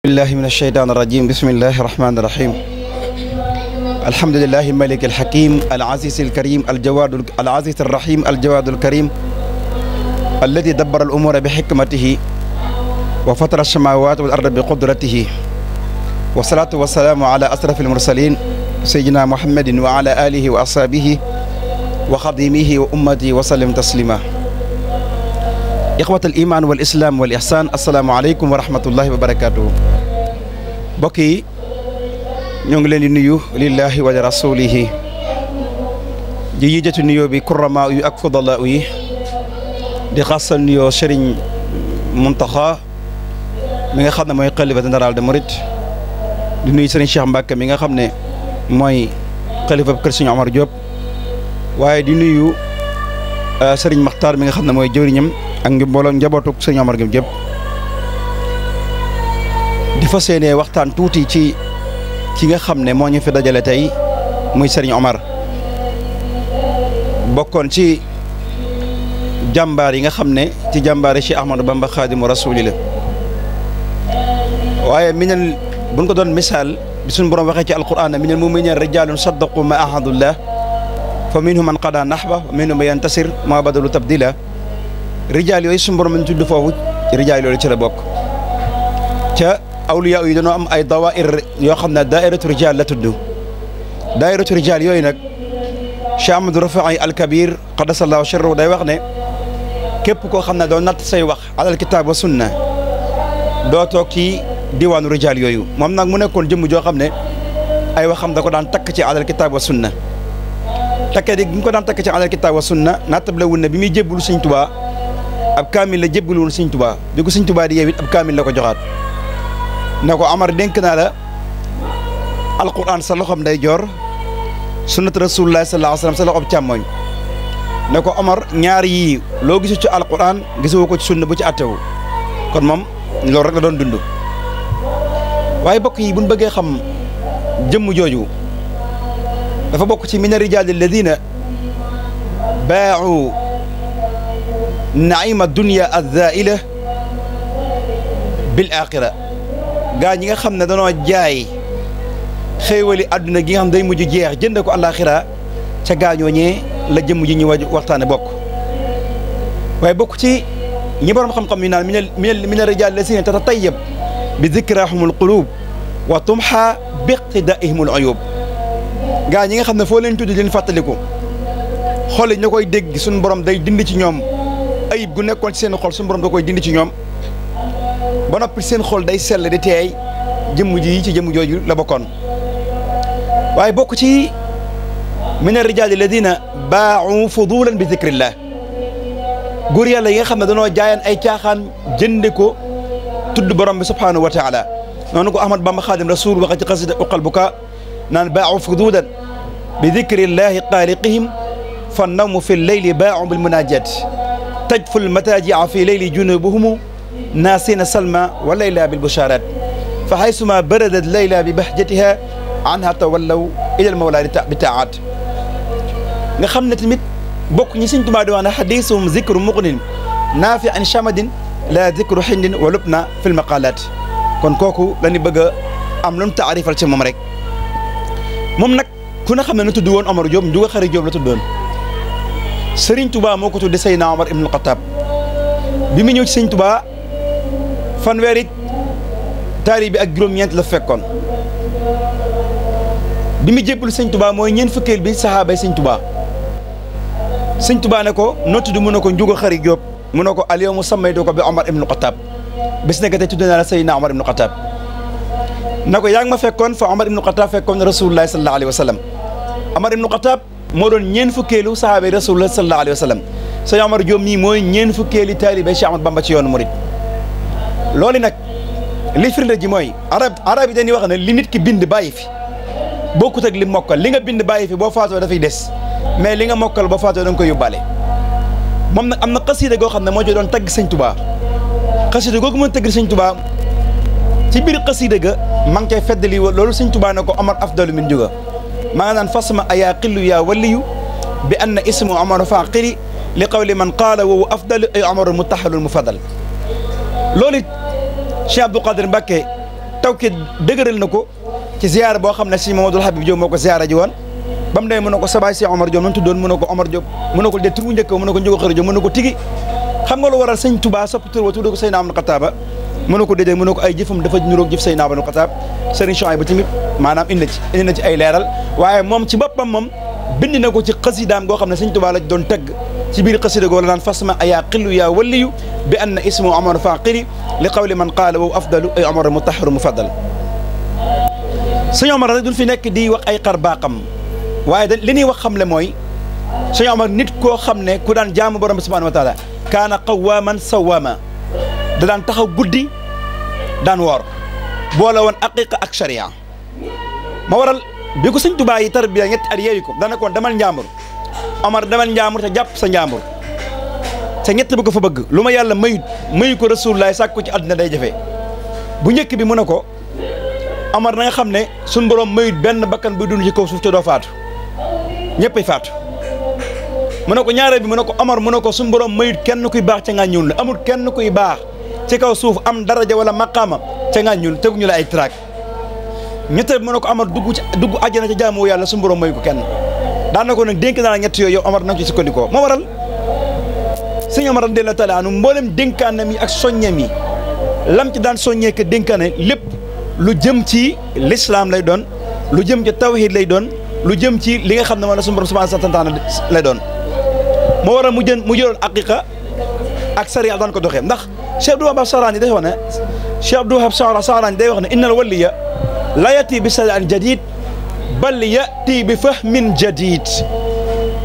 billahi min alsheytan irrajim bismillahi irrahmani irrahim alhamdulilahi malik alhakim alaziz alkarim aljawad alaziz arrahim aljawad alkarim alladi dabbara alumuura bixikmatihi wa fatara alsamawat wal arda biqudratihi wasalaatu wasalaamu ala asrafi almursalin sayidina muhammadin wa ala alihi wa asxaabihi wa xadimihi wa ummati wa sallim taslima ixwat al iman wal islam wal ihsan asalaamaaleykum wa rahmatullahi wa barakaatu. mbokk yi ñoo ngi leen di nuyu lillahi wa rasulihi ji yijatu nuyoo bi kurama yu ak fudala yi di xasal mi nga xam ne mooy xalifa nuyu Serigne Cheikh Mbacke mi nga xam ne mooy xalifa kër Serigne Omar waaye di nuyu euh, Serigne Makhtar mi nga xam ne mooy jëwriñam ak ngi mbooloo njabootuk sëñ Omar gi jëpp di fa seenee waxtaan tuuti ci ki nga xam ne moo ñu fi dajale tey muy sëriñ Omar bokkoon ci jàmbaar yi nga xam ne ci jàmbaar yi Cheikh Ahmadou Bamba Xaadimu Rasuuli la waaye minal buñ ko doon misaal bi suñu borom waxee ci alquran minal mu'miniina rijaalun saddaqu ma ahadullah fa minhum man qadaa nahba wa minhum man yantasir ma badalu tabdila rijaal yooyu suñu borom lañ tudd foofu rijaal yooyu ci la bokk ca awliya yi dañoo am ay dawair yoo xam ne daairatu rijaal la tudd daairatu rijaal yooyu nag Cheikh Amadou Rafaay al Kabir qadasallaahu sirrahu day wax ne képp koo xam ne doo natt say wax alal kitaab wa sunna doo toog ci diwaanu rijaal yooyu moom nag mu nekkoon jëmm joo xam ne ay wax xam da ko daan takk ci alal kitaab wa sunna takkee di ko daan takk ci alal kitaab wa sunna nattable wun ne bi muy jébbalu Sëñ Tuubaa ab kaamil la jébbalu woon sëñ tubaa bi ko sëñ tuba di yeewit ab kaamil la ko joxaat ne ko amar dénk naa la alquran sa loxoom day joor sunnat rasulullah sallallahu alayhi wa sallam sa loxoom càmmooñ ne ko amar ñaar yii loo gisu ci alquran gisoo ko ci sunna bu ci attewu kon moom lool rek la doon dund waaye bokk yi buñ bëggee xam jëmm jooju dafa bokk ci mina rijaali alladina baaxu naima dunia azaila bil aaxira gaa ñi nga xam ne danoo jaay xéewali àdduna gi nga xam day mujj jeex jënd ko àllaaxira ca gaañooñee la jëmm ji ñu waj waxtaane bokk waaye bokk ci ñi borom xam-xam yi naan min min min rijaal lazina tatatayyab bi zikrahumul qulub wa tumha bi iqtidaihimul uyub gaa ñi nga xam ne foo leen tudd leen fàttaliku xool yi ña koy dégg suñu borom day dindi ci ñoom ayib gu nekkoon ci seen xol suñu borom da koy dindi ci ñoom ba noppi seen xol day sell di teey jëmm ji ci jëmm jooju la bokkoon waaye bokk ci min arrijaali alladina baau fudulan bi zikrillah góor yàlla yi nga xam ne danoo jaayaan ay caaxaan jënde ko tudd borom bi subhanahu wa taala noonu ko ahmad bamba xaadim rasul waxa ci xasida naan baau fudulan bi zikrillahi xaaliqihim fa nawmu fi lleyli baau bil munajat tajful mataajia fi leyli junubuhum naasina salma wa layla bil bushaaraat fa haysumaa baradat layla bi bahjatiha anha tawallaw ilal mawlaa bi taaat nga xam ne tamit bokk ñi Sëñ Tuubaa di wax ne xadisum zikru muqnin naafi an chamadin la zikru xindin wa lubna fil maqaalaat kon kooku la ñu bëgg a am lu mu taarifal ci moom rek moom nag ku na xam ne na tudd woon Omar Diop Ndiouga Khary Diop la tuddoon Serigne Touba moo ko tudde Seydina Omar Ibn Khattab bi mu ñëw ci Serigne Touba fanweeri taari bi ak juróom-ñeent la fekkoon bi mu jébbalu Serigne Touba mooy ñeent fukkeel bi saxaabay Serigne Touba Serigne Touba ne ko noo tudd mu ne ko Ndiouga Khary Diop mun ne ko al yawma sammaytu ko bi Omar Ibn Khattab bés nag tey tudd naa la Seydina Omar Ibn Khattab na ko yaa ma fekkoon fa Omar Ibn Khattab fekkoon Rasulullah sallallahu alayhi wa Omar Ibn Khattab moo doon ñeen fukkeelu sahaaba rasulullah sallallahu alayhi wa sallam sëñ Omar Diop mii mooy ñeen fukkeeli taalibe Cheikh Ahmad Bamba ci yoonu murid loolu nag li firnde ji mooy arab arab yi dañuy wax ne li nit ki bind bàyyi fi bokkut ak li mokkal li nga bind bàyyi fi boo faatoo dafay des mais li nga mokkal boo faatoo da nga koy yóbbaale moom nag am na xasida goo xam ne moo ci doon tagg sëñ Tuubaa xasida googu mën tagg sëñ Tuubaa ci biir xasida ga maa ngi koy feddali loolu sëñ Tuubaa ne ko Omar afdalu min maa nga naan fasma ayaa qillu yaa waliyu bi an ismu omar faqiri li qawli man qaala wowu afdalu ay omaru mutahalul mufaddal loolu it Cheikh Abdou Qadir Mbacké tawkit dëgëral na ko ci ziyaara boo xam ne si Mamadou Habib Diop moo ko ziyaara ji woon ba mu mu ne ko sabaay si Omar Diop nu mu tuddoon mu ne ko Omar Diop mu ko de tur bu njëkk mu ne ko Ndiouga Khare Diop mu ne ko tigi xam nga lu waral sëñ Touba sopp tur wa tudd ko Seydina Amadou mën na ko déjee mën na ko ay jëfam dafa ñuróog jëf Seydina Abou Xataab Serigne Chouaib ba tamit maanaam indi na na ci ay leeral waaye moom ci boppam moom bind na ko ci xasidaam goo xam ne Sëñ Tuubaa la doon tëgg ci biir xasida goo la naan fasma ayaa qillu yaa waliyu bi anna ismu omar faqiri li qawli man qaala wow afdalu ay omar mutaharu mufaddal sëñ omar rek duñ fi nekk di wax ay xar baaxam waaye da li ñuy wax xam le mooy sëñ omar nit koo xam ne ku daan jaamu borom bi subhanahu wa taala kaana qawaaman sawaama da daan taxaw guddi daan woor boole woon aqiqa ak sharia ma waral bi ko sëñ Tuubaa yi tarbiya ñetti at yeeyu ko dana ko demal njàmbur Omar demal njàmbur te jàpp sa njàmbur te ñett bi ko fa bëgg lu ma yàlla mayut mayu ko rasulullaay sàkku ci àddina day jafe bu njëkk bi mu ne ko Omar na nga xam ne suñ borom mayut benn bakkan buy dund ko kaw suuf te doo faatu ñëppay faatu mu ne ko ñaareel bi mu ne ko Omar mu ne ko suñ borom mayut kenn kuy baax ca ngaa ñëw la amul kenn kuy baax ci kaw suuf am daraja wala maqaama ca nga ñun teguñu la ay traak ñu te mën a ko amar dugg ci dugg àjjana ca jaamu yàlla suñu borom mooy ko kenn daana ko nag dénk naa la ñett yooyu yow amar na ci sukkandikoo moo waral sëñ Omar radiyallaahu taala anu mboolem dénkaanam yi ak soññam yi lam ci daan soññee que lépp lu jëm ci lislaam lay doon lu jëm ci tawhid lay doon lu jëm ci li nga xam ne moom la suñu borom subhaanahu lay doon moo waral mu ak sariya daan ko doxee ndax Cheikh Abdou Wahab Saarani day wax ne Cheikh Abdou Wahab Saarani day wax ne innal waliya la yati bi sari'an jadid bal yati bi fahmin jadid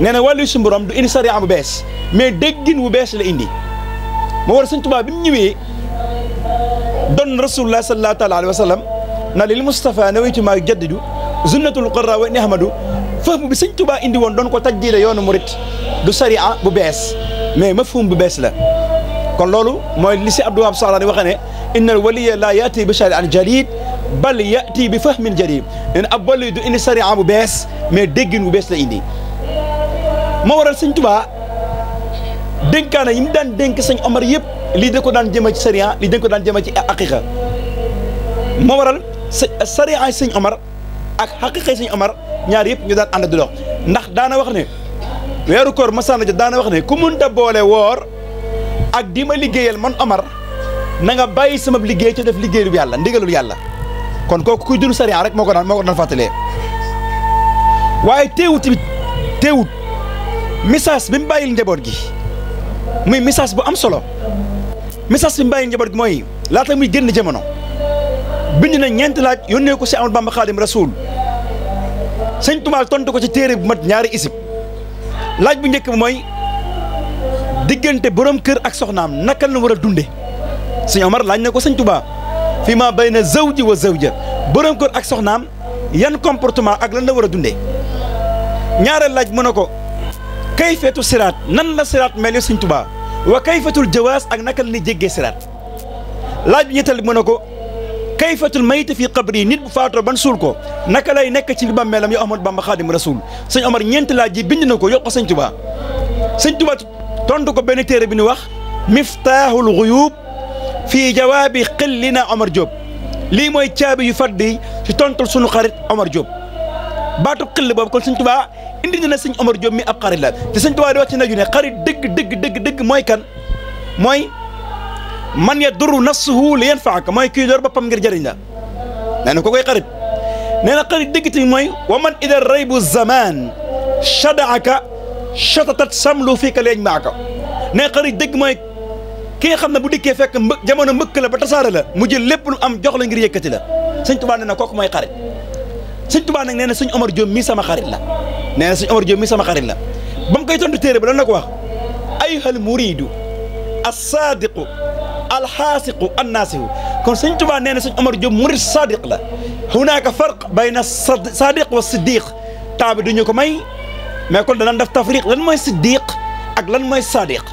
nee na wàllu suñu du indi sariya bu bees mais déggin wu bees la indi moo war Sëñ Tuubaa bi mu ñëwee doon rasulullah sallallahu taala alayhi wa sallam na lil Mustafa nawaytu maa jaddidu sunnatul qurra wa ni ahmadu fahmu bi Sëñ Tuubaa indi woon doon ko tajdiida yoonu murit du sariya bu bees mais mafhum bu bees la kon loolu mooy li si Abdou Wahab Sahrani waxee ne la waliya bi shay'in al jadid bal yaati bi fahmin jadid nee na ab wali du indi sariya bu bees mais déggin bu bees la indi moo waral sëñ Tuubaa dénkaana yi mu daan dénk sëñ Omar yëpp lii da ko daan jëma ci sariya lii da ko daan jëma ci aqiqa moo waral sariya sëñ Omar ak xaqiqa sëñ amar ñaar yëpp ñu daan ànd ndax daana wax ne weeru koor masaana jot daana wax ne ku munta boole woor ak di ma liggéeyal man Omar na nga bàyyi sama liggéey ci def liggéeyu yàlla ndigalul yàlla kon kooku kuy dund sariya rek moo ko daan moo ko daan fàttalee waaye teewut tamit teewut message bi mu bàyyil njaboot gi muy message bu am solo message bi mu njaboot gi mooy laata muy génn jamono bind na ñeenti laaj yónnee ko si Ahmadu Bamba Xaadim Rasuul sëñ Tuubaa tontu ko ci téere bu mat ñaari isib laaj bu njëkk bi mooy. diggante borom kër ak soxnaam naka la war a dunde sëñ Omar laaj na ko sëñ Touba fi ma bayna zawji wa zawja borom kër ak soxnaam yan comportement ak lan la war a dundee ñaareel laaj mu ne ko feetu siraat nan la siraat mel sëñ Touba wa kayfatul jawaas ak naka la ñuy jéggee siraat laaj bi ñetteel mu ne ko kayfatul mayta fi qabri nit bu faatoo ban suul ko naka lay nekk ci bàmmeelam yow Ahmadu Bamba Xaadimu Rasuul sëñ Omar ñeenti laaj yi bind na ko yokk ko sëñ Touba sëñ Touba tontu ko benn téere bi ñu wax miftaaxul xuyuub fii jawaabi xillina Omar Diop lii mooy caabi yu faddi ci tontul sunu xarit Omar Diop baatu xill boobu kon sëñ Tuubaa indi na ne sëñ Omar Diop mi ab xarit la te sëñ Tuubaa di wax ci naju ne xarit dëgg dëgg mooy kan mooy man ya duru nafsuhu li yanfaaka mooy kii lor boppam ngir jëriñ la ne na ko koy xarit nee na xarit dëgg tamit mooy wa man ida raybu zaman shadaaka shatatat samlu fii ka leeñ maaka ne xarit dëgg mooy ki nga xam ne bu dikkee fekk mbë jamono mbëkk la ba tasaare la mu jël lépp lu am jox la ngir yëkkati la sëñ tubaa nee na kooku mooy xarit sëñ tubaa nag nee na sëñ Omar Diop mi sama xarit la nee na mi sama xarit la ba mu koy tontu téere ba lan la ko wax ayhal muridu as-saadiqu alxaasiqu annaasihu kon sëñ tubaa na sëñ Omar Diop murid saadiq la hunaaka farq bayna sadiq wa siddiq taa bi duñu ko may mais kon danañ def tafriq lan mooy siddiq ak lan mooy sadiq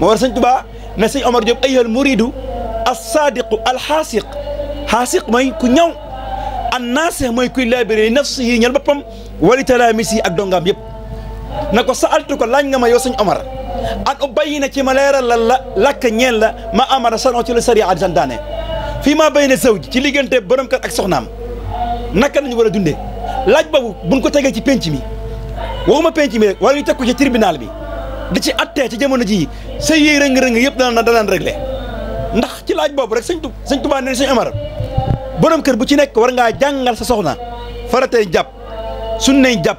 moo war sëñ Tuubaa ne sëñ Omar Diop ayyuhal muridu as-sadiqu al-xaasiq xaasiq mooy ku ñaw an-naasix mooy kuy laabiré nafsihi ñal boppam wali talaamis yi ak dongaam yëpp na ko sa sa'altu ko laaj nga ma yow sëñ Omar an na ci ma leeral la la lakk ñeel la ma amara sanon ci la sariya di fii maa bay na sëw ji ci liggante borom kër ak soxnaam naka nañu war a dundee laaj boobu buñ ko tegee ci penc mi waxuma penc mi rek wala ñu teg ko bi di ci attee ci jamono jii say yëy rëng-rëng yëpp dana danaan le ndax ci laaj boobu rek sëñ tu sëñ Tuubaa ne sëñ Amar kër bu ci nekk war ngaa jàngal sa soxna faratee jàpp sunnay jàpp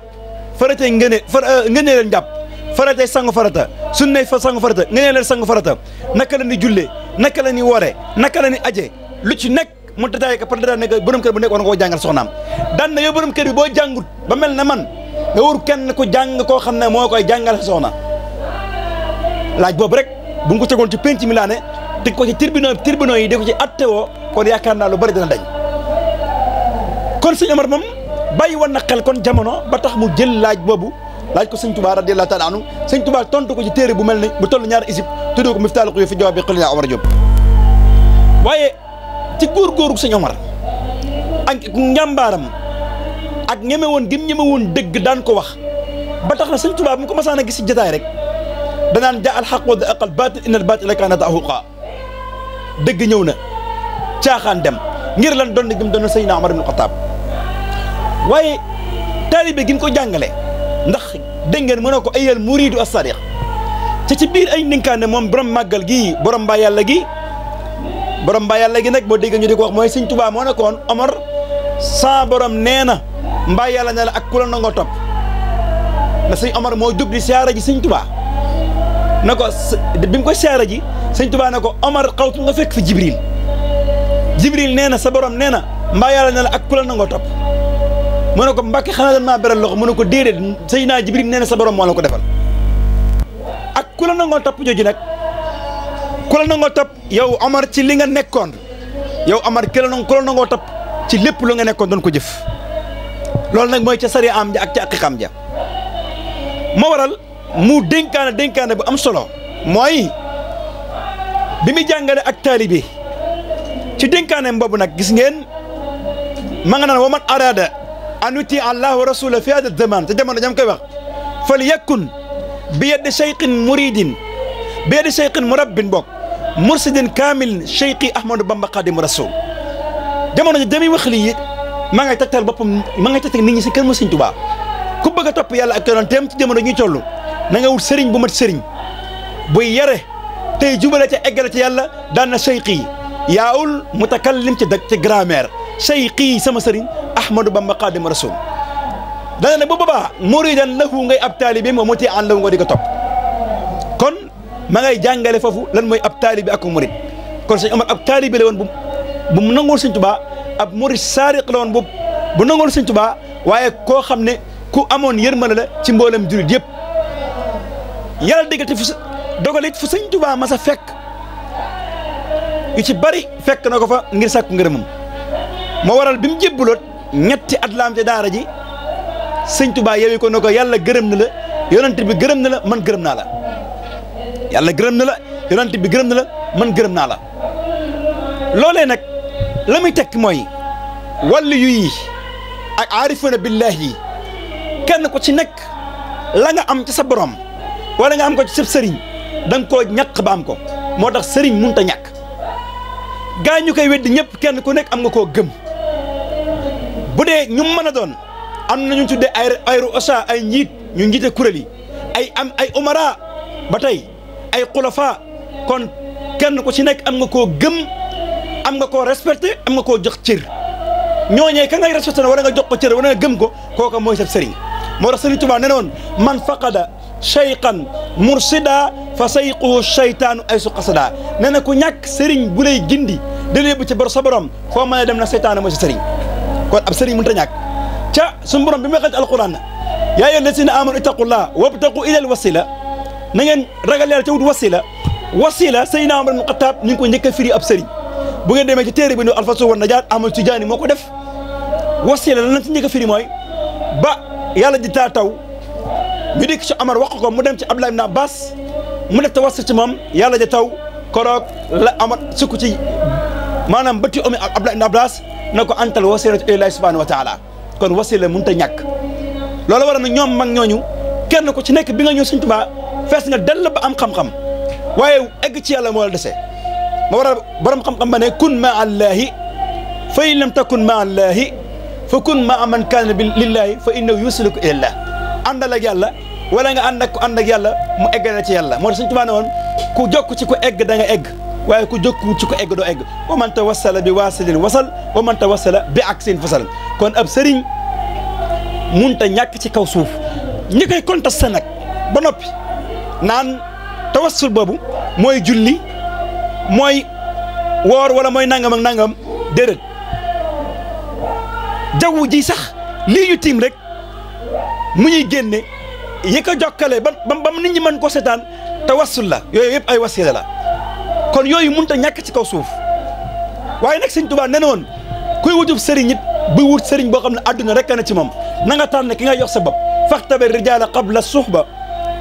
faratee ngëne euh, ngënee leen jàpp faratee sangu farata sunnay fa sangu farata ngënee leen sangu farata naka la ni julle naka la ni woore naka la ni aje lu ci nekk mu détaillé ko par détaillé nekk borom kër bu nekk war nga koo jàngal soxnaam te wër kenn ko jàng koo xam ne moo koy jàngal soxna laaj boobu rek bu ñu ko tegoon ci penc mi laa teg ko ci tribunal tribunal yi di ko ci attewoo kon yaakaar naa lu bari dana dañ kon sëñ Omar moom bàyyi woon na xel kon jamono ba tax mu jël laaj boobu laaj ko sëñ Touba radiyallahu taala anhu sëñ Touba tontu ko ci téere bu mel ne bu toll ñaari isib tuddee ko miftaalu ko fi jawaab bi xëy na Omar Diop waaye ci góor-góoru sëñ Omar ak njàmbaaram ak ñeme woon gim ñeme woon dëgg daan ko wax ba tax na sëñ Tuubaa mu ko masaan a gis si jataay rek danaan jaa alxaq wa zahaq albaatil inna albaatila kaana zahuuqa dëgg ñëw na caaxaan dem ngir lan doon gëm doon Seydina Omar ko Xataab waaye taalibe gi ko jàngale ndax dégg ngeen mën na ko ay muriidu as-sadiq ci biir ay ndénkaane moom borom màggal gi borom mbaa yàlla gi borom mbaa yàlla gi nag boo dégg ñu di ko wax mooy sëñ Tuubaa moo nekkoon Omar saa borom nee na mbaa yàlla ne ak ku la nangoo topp na sëñ Omar moo jub di siyaara ji sëñ na ko bi mu koy siyaara ji sëñ Tuubaa ne ko Omar xawtu nga fekk fi Jibril Jibril nee na sa borom nee na mbaa yàlla ne la ak ku la nangoo topp mu ne ko Mbàkke xanaa dañ maa beral loxo mu ne ko déedéet sëñ naa Jibril nee na sa borom moo ko defal ak ku la nangoo topp jooju nag ku la nangoo topp yow Omar ci li nga nekkoon yow Omar ku la nangoo topp ci lépp lu nga nekkoon doon ko jëf loolu nag mooy ca sari am ja ak ca aqiqam ja moo waral mu dénkaane dénkaane bu am solo mooy bi mu jàngale ak taalibi ci dénkaaneem boobu nag gis ngeen ma nga naan wa man araada an uti allah wa rasula fi hada zaman te jamono jam koy wax fal yakun bi yeddi cheyqin muridin bi yeddi cheyqin murabbin bokk mursidin kaamil cheyqi ahmadou bamba xadimu rasul jamono ji demi wax lii ma ngay tegtal boppam ma ngay tegtal nit ñi si kër ma sëñ Tuubaa ku bëgg a topp yàlla ak yonenteem ci jamono ñuy toll na nga wut sëriñ bu mat sëriñ buy yare tey jubale ca eggale ca yàlla daan na seyqi yaawul mutakallim ci dëkk ci grammaire seyqi sama sëriñ Ahmadou Bamba Xaadimu Rasuul dana ne bu boobaa muridan lahu ngay ab taalibeem wa muti an lahu nga di ko topp kon ma ngay jàngale foofu lan mooy ab taalibe ak murid kon sëñ Omar ab taalibe la woon bu mu ab murid saariq la woon bu bu nangoon Sëñ waaye koo xam ne ku amoon yërmande la ci mboolem jullit yëpp yàlla diggante fu dogalit fu Sëñ Tuubaa mas fekk yu ci bari fekk na ko fa ngir sàkku ngërëmam moo waral bi mu jébbaloot ñetti at laam ca daara ji Sëñ Tuubaa yewi ko ne ko yàlla gërëm na la yonent bi gërëm na la man gërëm naa la yàlla gërëm na la yonent bi gërëm na la man gërëm naa la loolee nag la muy tekk mooy wàllu yu ak aarifuna billaah yi kenn ku ci nekk la nga am ci sa borom wala nga am ko ci sa sëriñ da ko koo ñàkk ba am ko moo tax sëriñ mënut a ñàkk gaa ñu koy wedd ñëpp kenn ku nekk am nga koo gëm bu dee ñu mën a doon am na ñu tuddee ay ay osa ay njiit ñu njiite kuréel yi ay am ay umara ba tey ay xulafa kon kenn ku ci nekk am nga koo gëm. am nga koo respecté am nga koo jox cër ñooñee ka ngay respecté wala nga jox ko cër wala nga gëm ko kooka mooy sab sëriñ moo tax sëriñ Tuubaa ne woon man faqada shayqan mursida fa sayquhu shaytaanu ay su qasada nee ku ñàkk sëriñ bu lay gindi da lay yóbbu ci sa borom foo man a dem na seytaane mooy sa sëriñ kon ab sëriñ mënut a ñàkk ca suñu borom bi ma xëy ci alquran na yaa ayyuha allazina amanu ittaqullah wabtaqu ilal wasila na ngeen ragal yàlla ca wut wasila wasila Seydina Umar ibn Xattaab ñu ngi ko njëkk a ab sëriñ bu ngeen demee ci téere bi nu alfasu wan najaat Ahmad Tijaani moo ko def wasiila la lañ ci njëkk a firi mooy ba yàlla di taa taw ñu dikk ci Amar wax ko mu dem ci Abdullah ibn Abbas mu def tawasul ci moom yàlla di taw koroog la Amar sukk ci maanaam bëtti omi Abdullah ibn Abbas na ko antal wasiilatu ilaahi subhaanahu wa taala kon wasiila mënut a ñàkk loolu waral na ñoom mag ñooñu kenn ku ci nekk bi nga ñëw Sëñ Tuubaa fees nga dell ba am xam-xam waaye egg ci yàlla moo la dese. ma war a borom xam-xam ba ne kun ma allaahi fa in lam takun ma allaahi fa kun ma man kaana bi lillaahi fa innahu yusiluku ilallah àndal ak yàlla wala nga ànd ak ku yàlla mu egg na yàlla moo tax suñu Tuubaa woon ku jokk ci ko egg danga nga egg waaye ku jokku ci ku egg doo egg wa man tawassala bi waasilin wasal wa man tawassala bi aksin fasal kon ab sëriñ munta ñàkk ci kaw suuf ñi koy contesté nag ba noppi naan tawassul boobu mooy julli mooy woor wala mooy nangam nangam déedéet jaww ji sax lii ñu tiim rek mu ñuy génne yi ko jokkale ba ba nit ñi mën ko seetaan te wasul la yooyu yëpp ay wasila la kon yooyu mënut a ñàkk ci kaw suuf waaye nag sëñ Tuubaa nee na woon kuy wutub sëriñ it buy wut sëriñ boo xam ne àdduna rek na ci moom na nga tànn ki nga yox sa bopp suuf ba qabla suxba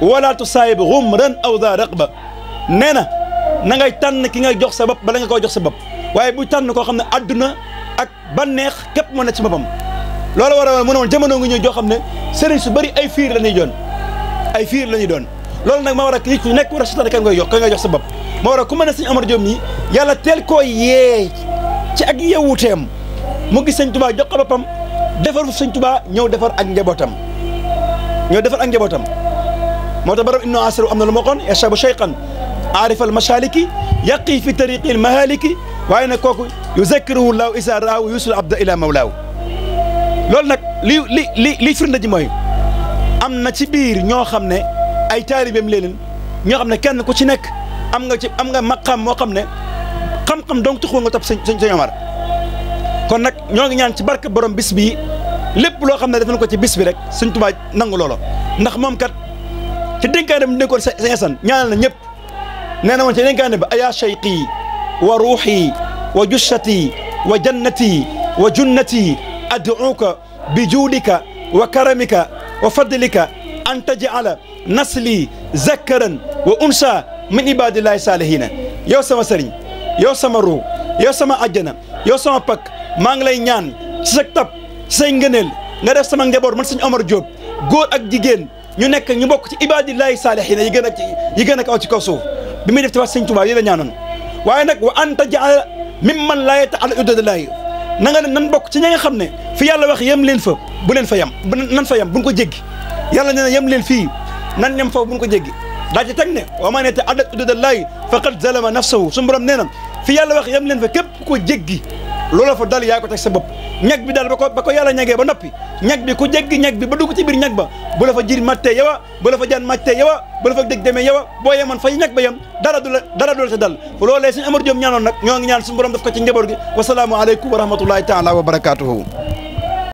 wala tusaayib xumran aw daa raqba nee na na ngay tànn ki ngay jox sa bopp bala nga koo jox sa bopp waaye bu tànn koo xam ne àdduna ak banneex képp moo nekk ci boppam loolu waral mu ne woon jamono ngi joo xam ne sëriñ su bari ay fiir la ñuy doon ay fiir la doon loolu nag ma war a nit ku nekk war a seetaan kan ngay jox kan ngay sa bopp ma war a ku mën a sëñ Amar Diop nii yàlla teel koo yee ci ak yewuteem mu gis sëñ Tuubaa jox ko boppam defar fu sëñ Tuubaa ñëw defar ak njabootam ñëw defar ak njabootam moo tax borom Ibnu Asir am na lu ma waxoon yashrabu shayqan aarif al mashaliki yaqi fi tariqi al mahaliki waaye nag kooku yuzakkiruhu llaahu isaa raahu yusul abda ila mawlaahu loolu nag li li li li firnde ji mooy am na ci biir ñoo xam ne ay taalibeem leneen ñoo xam ne kenn ku ci nekk am nga ci am nga maqam moo xam ne xam-xam donc tuxoo nga topp sëñ sëñ kon nag ñoo ngi ñaan ci barke borom bis bii lépp loo xam ne def na ko ci bis bi rek sëñ Tuubaa nangu loolo ndax moom kat ci dénkaanam mu dénkoon sëñ Asan ñaanal na ñëpp nee na woon ci yeneen gaane ba ayaa cheyqii wa ruuxii wa jushatii wa jannatii wa junnatii ad'uuka bi juudika wa karamika wa fadlika an taj'ala nasli zakkaran wa unsa min ibadillahi saalihiina yow sama sëriñ yow sama ruux yow sama ajjana yow sama pakk maa ngi lay ñaan ci sa tab nga def sama njaboot man sëñ Omar Diop góor ak jigéen ñu nekk ñu bokk ci ibadillahi saalihiina yi gën a yi gën kaw ci kaw suuf bi muy def ci wax sëñ Tuubaa yi la ñaanoon waaye nag wa anta jaala mim man laa yeta ala udadalaayi na nga ne nan bokk ci ña xam ne fi yàlla wax yem leen fa bu leen fa yem nan fa yem buñ ko jéggi yalla nee na yem leen fii nan yem fa buñ ko jéggi daa ci teg ne wa man yeta ala udadalaayi faqad zalama nafsahu suñu borom nee na fi yàlla wax yem leen fa képp ku ko jéggi loola fo dal yaa ko teg sa bopp ñag bi dal ba ko ba ko yàlla ñagee ba noppi ñag bi ku jéggi ñag bi ba dugg ci biir ñag ba bu la fa jir mattee yowa bu la fa jaan mattee yowa bu la fa dég demee yowa boo yemoon fay ñag ba yem dara du la dara du la ca dal loolee suñu Amar Diop ñaanoon nag ñoo ngi ñaan suñu daf ko ci njaboot gi wasalaamu aleykum wa rahmatullahi wa barakaatuhu